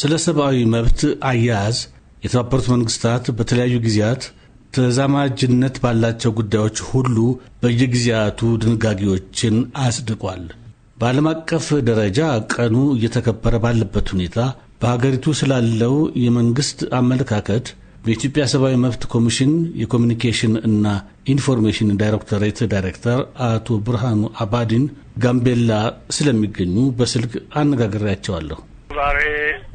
ስለ ሰብአዊ መብት አያያዝ የተባበሩት መንግስታት በተለያዩ ጊዜያት ተዛማጅነት ባላቸው ጉዳዮች ሁሉ በየጊዜያቱ ድንጋጌዎችን አጽድቋል። በዓለም አቀፍ ደረጃ ቀኑ እየተከበረ ባለበት ሁኔታ በሀገሪቱ ስላለው የመንግስት አመለካከት በኢትዮጵያ ሰብአዊ መብት ኮሚሽን የኮሚኒኬሽን እና ኢንፎርሜሽን ዳይሬክቶሬት ዳይሬክተር አቶ ብርሃኑ አባዲን ጋምቤላ ስለሚገኙ በስልክ አነጋግሬያቸዋለሁ። ዛሬ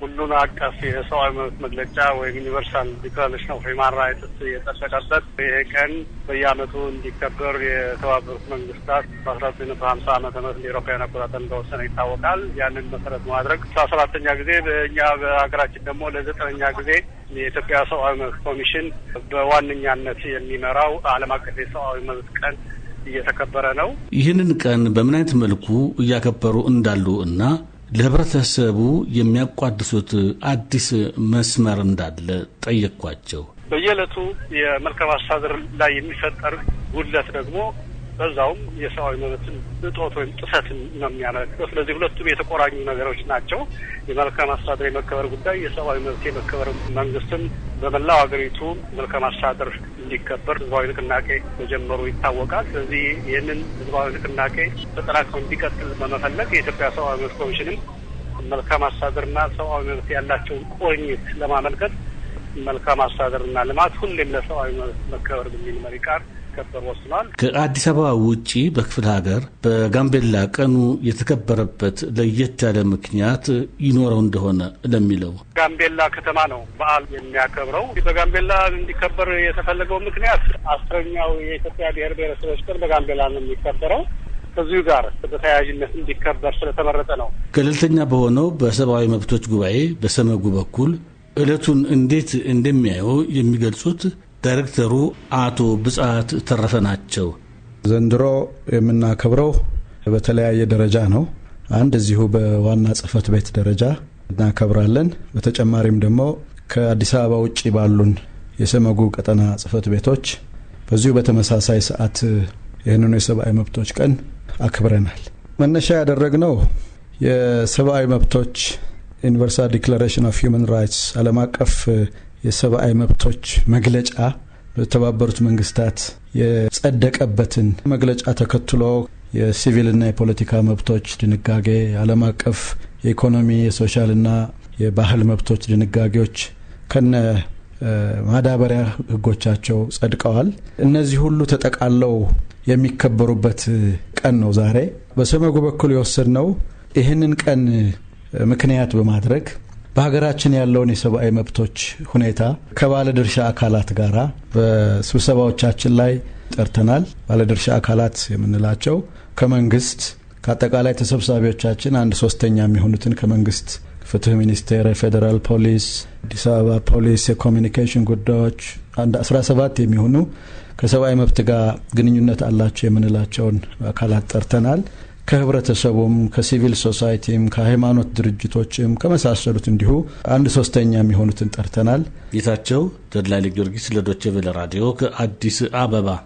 ሁሉን አቀፍ የሰብአዊ መብት መግለጫ ወይም ዩኒቨርሳል ዲክላሬሽን ኦፍ ሂውማን ራይትስ የጸደቀበት ይሄ ቀን በየአመቱ እንዲከበር የተባበሩት መንግስታት በአስራ ዘጠኝ መቶ ሀምሳ አመተ ምህረት እንደ ኤሮፓውያን አቆጣጠር እንደወሰነ ይታወቃል። ያንን መሰረት በማድረግ ስራ ሰባተኛ ጊዜ በእኛ በሀገራችን ደግሞ ለዘጠነኛ ጊዜ የኢትዮጵያ ሰብአዊ መብት ኮሚሽን በዋነኛነት የሚመራው ዓለም አቀፍ የሰብአዊ መብት ቀን እየተከበረ ነው። ይህንን ቀን በምን አይነት መልኩ እያከበሩ እንዳሉ እና ለህብረተሰቡ የሚያቋድሱት አዲስ መስመር እንዳለ ጠየቅኳቸው። በየዕለቱ የመልካም አስተዳደር ላይ የሚፈጠር ጉድለት ደግሞ በዛውም የሰብአዊ መብትን እጦት ወይም ጥሰትን ነው የሚያመለክተው። ስለዚህ ሁለቱም የተቆራኙ ነገሮች ናቸው። የመልካም አስተዳደር የመከበር ጉዳይ የሰብአዊ መብት የመከበር መንግስትም በመላው ሀገሪቱ መልካም አስተዳደር እንዲከበር ህዝባዊ ንቅናቄ መጀመሩ ይታወቃል። ስለዚህ ይህንን ህዝባዊ ንቅናቄ ተጠናክሮ እንዲቀጥል በመፈለግ የኢትዮጵያ ሰብአዊ መብት ኮሚሽንም መልካም አስተዳደርና ሰብአዊ መብት ያላቸውን ቁርኝት ለማመልከት መልካም አስተዳደርና ልማት ሁሌም ለሰብአዊ መብት መከበር በሚል መሪ ቃል እንዲከበር ወስኗል። ከአዲስ አበባ ውጪ በክፍለ ሀገር በጋምቤላ ቀኑ የተከበረበት ለየት ያለ ምክንያት ይኖረው እንደሆነ ለሚለው ጋምቤላ ከተማ ነው በዓል የሚያከብረው። በጋምቤላ እንዲከበር የተፈለገው ምክንያት አስረኛው የኢትዮጵያ ብሔር ብሔረሰቦች ቀን በጋምቤላ ነው የሚከበረው ከዚሁ ጋር በተያያዥነት እንዲከበር ስለተመረጠ ነው። ገለልተኛ በሆነው በሰብአዊ መብቶች ጉባኤ በሰመጉ በኩል እለቱን እንዴት እንደሚያየው የሚገልጹት ዳይሬክተሩ አቶ ብጻት ተረፈ ናቸው። ዘንድሮ የምናከብረው በተለያየ ደረጃ ነው። አንድ እዚሁ በዋና ጽህፈት ቤት ደረጃ እናከብራለን። በተጨማሪም ደግሞ ከአዲስ አበባ ውጭ ባሉን የሰመጉ ቀጠና ጽህፈት ቤቶች በዚሁ በተመሳሳይ ሰዓት ይህንኑ የሰብአዊ መብቶች ቀን አክብረናል። መነሻ ያደረግነው የሰብአዊ መብቶች ዩኒቨርሳል ዲክላሬሽን ኦፍ ማን ራይትስ ዓለም አቀፍ የሰብአዊ መብቶች መግለጫ በተባበሩት መንግስታት የጸደቀበትን መግለጫ ተከትሎ የሲቪልና የፖለቲካ መብቶች ድንጋጌ፣ የዓለም አቀፍ የኢኮኖሚ የሶሻልና የባህል መብቶች ድንጋጌዎች ከነ ማዳበሪያ ህጎቻቸው ጸድቀዋል። እነዚህ ሁሉ ተጠቃለው የሚከበሩበት ቀን ነው ዛሬ። በሰመጉ በኩል ነው ይህንን ቀን ምክንያት በማድረግ በሀገራችን ያለውን የሰብአዊ መብቶች ሁኔታ ከባለድርሻ አካላት ጋር በስብሰባዎቻችን ላይ ጠርተናል። ባለድርሻ አካላት የምንላቸው ከመንግስት ከአጠቃላይ ተሰብሳቢዎቻችን አንድ ሶስተኛ የሚሆኑትን ከመንግስት ፍትህ ሚኒስቴር፣ የፌዴራል ፖሊስ፣ አዲስ አበባ ፖሊስ፣ የኮሚኒኬሽን ጉዳዮች አንድ 17 የሚሆኑ ከሰብአዊ መብት ጋር ግንኙነት አላቸው የምንላቸውን አካላት ጠርተናል። ከህብረተሰቡም ከሲቪል ሶሳይቲም ከሃይማኖት ድርጅቶችም ከመሳሰሉት እንዲሁ አንድ ሶስተኛ የሚሆኑትን ጠርተናል። ጌታቸው ተድላሌ ጊዮርጊስ ለዶቼ ቬለ ራዲዮ ከአዲስ አበባ